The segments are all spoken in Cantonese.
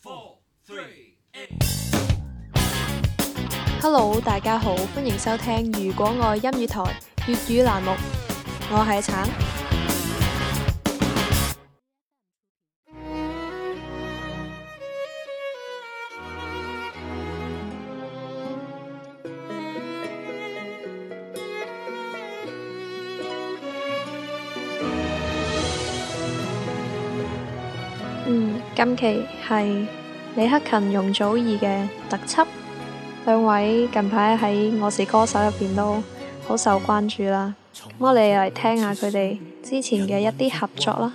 Four, three, Hello，大家好，歡迎收聽《如果愛音悅台》音語台粵語欄目，我係橙。嗯，今期係李克勤、容祖兒嘅特輯，兩位近排喺《我是歌手》入邊都好受關注啦。咁我哋嚟聽下佢哋之前嘅一啲合作啦。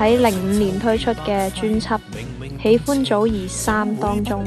喺零五年推出嘅專輯《喜歡祖兒三》當中。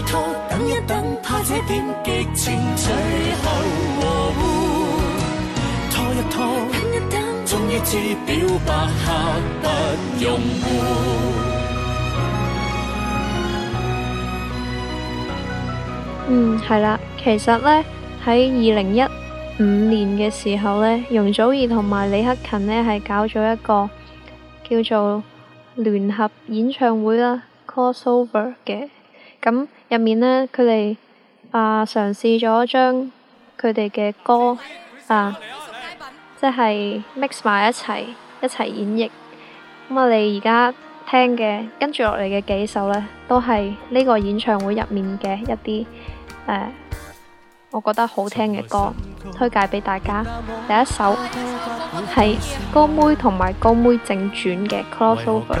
等一等，他這點激情最後模糊、哦。拖一拖，終於知表白刻不容緩。嗯，係啦，其實呢喺二零一五年嘅時候呢，容祖兒同埋李克勤呢係搞咗一個叫做聯合演唱會啦，crossover 嘅咁。入面呢，佢哋啊嘗試咗將佢哋嘅歌啊，即係 mix 埋一齊，一齊演繹。咁啊，我哋而家聽嘅跟住落嚟嘅幾首呢，都係呢個演唱會入面嘅一啲誒，我覺得好聽嘅歌，推介俾大家。第一首係高妹同埋高妹正傳嘅《Cross Over》。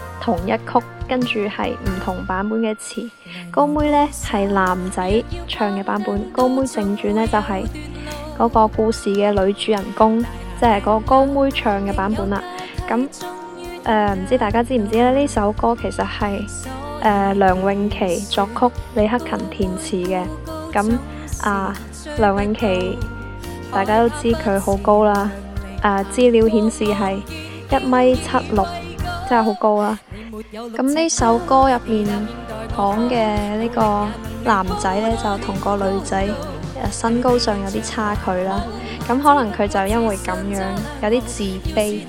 同一曲，跟住係唔同版本嘅詞。高妹呢，係男仔唱嘅版本，高妹正傳呢，就係嗰個故事嘅女主人公，即係嗰個高妹唱嘅版本啦。咁誒，唔知大家知唔知咧？呢首歌其實係誒梁詠琪作曲，李克勤填詞嘅。咁啊，梁詠琪大家都知佢好高啦。誒，資料顯示係一米七六，真係好高啦。咁呢首歌入面講嘅呢個男仔呢，就同個女仔身高上有啲差距啦。咁可能佢就因為咁樣有啲自卑，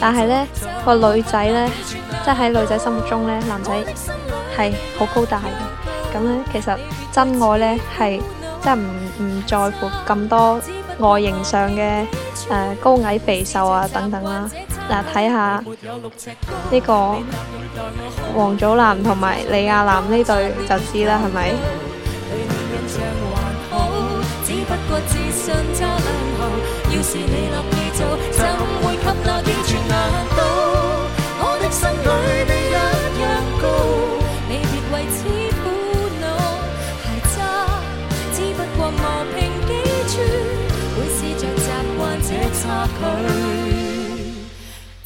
但係呢個女仔呢，即係喺女仔心目中呢，男仔係好高大嘅。咁呢其實真愛呢，係即係唔唔在乎咁多外形上嘅誒、呃、高矮肥瘦啊等等啦、啊。嗱，睇下呢個王祖藍同埋李亞男呢對就知啦，係咪？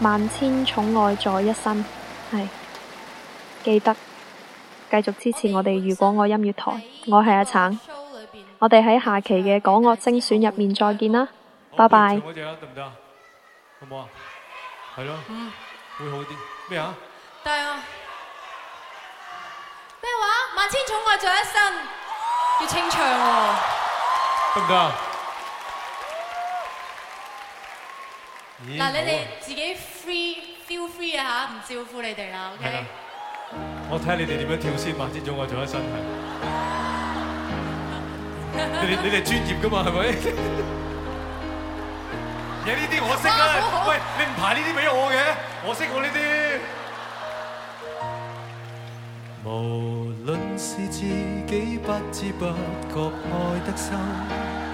萬千寵愛在一身，係，記得繼續支持我哋。如果愛音悅台，我係阿橙，我哋喺下期嘅港樂精選入面再見啦，拜拜。多謝啦，得唔得？好唔好啊？係咯，會好啲。咩啊？大啊！咩話？萬千寵愛在一身，要清唱喎。得唔得？嗱，你哋自己 free feel free 啊嚇，唔照顧你哋啦，OK？我睇下你哋點樣跳先，晚先早我做一身。你哋你哋專業噶嘛，係咪？有呢啲我識啊，喂，你唔排呢啲俾我嘅，我識我呢啲。無論是自己不知不覺愛得深。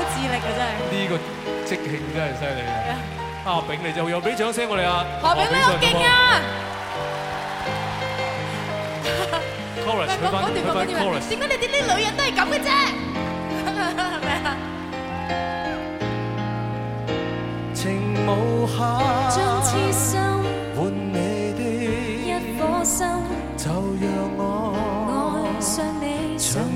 好智力嘅真係，呢個即興真係犀利啊！阿炳你就又俾掌聲我哋啊！何炳你好勁啊！Chorus，各位，各位，Chorus，點解你哋啲女人都係咁嘅啫？係咪啊？情無限。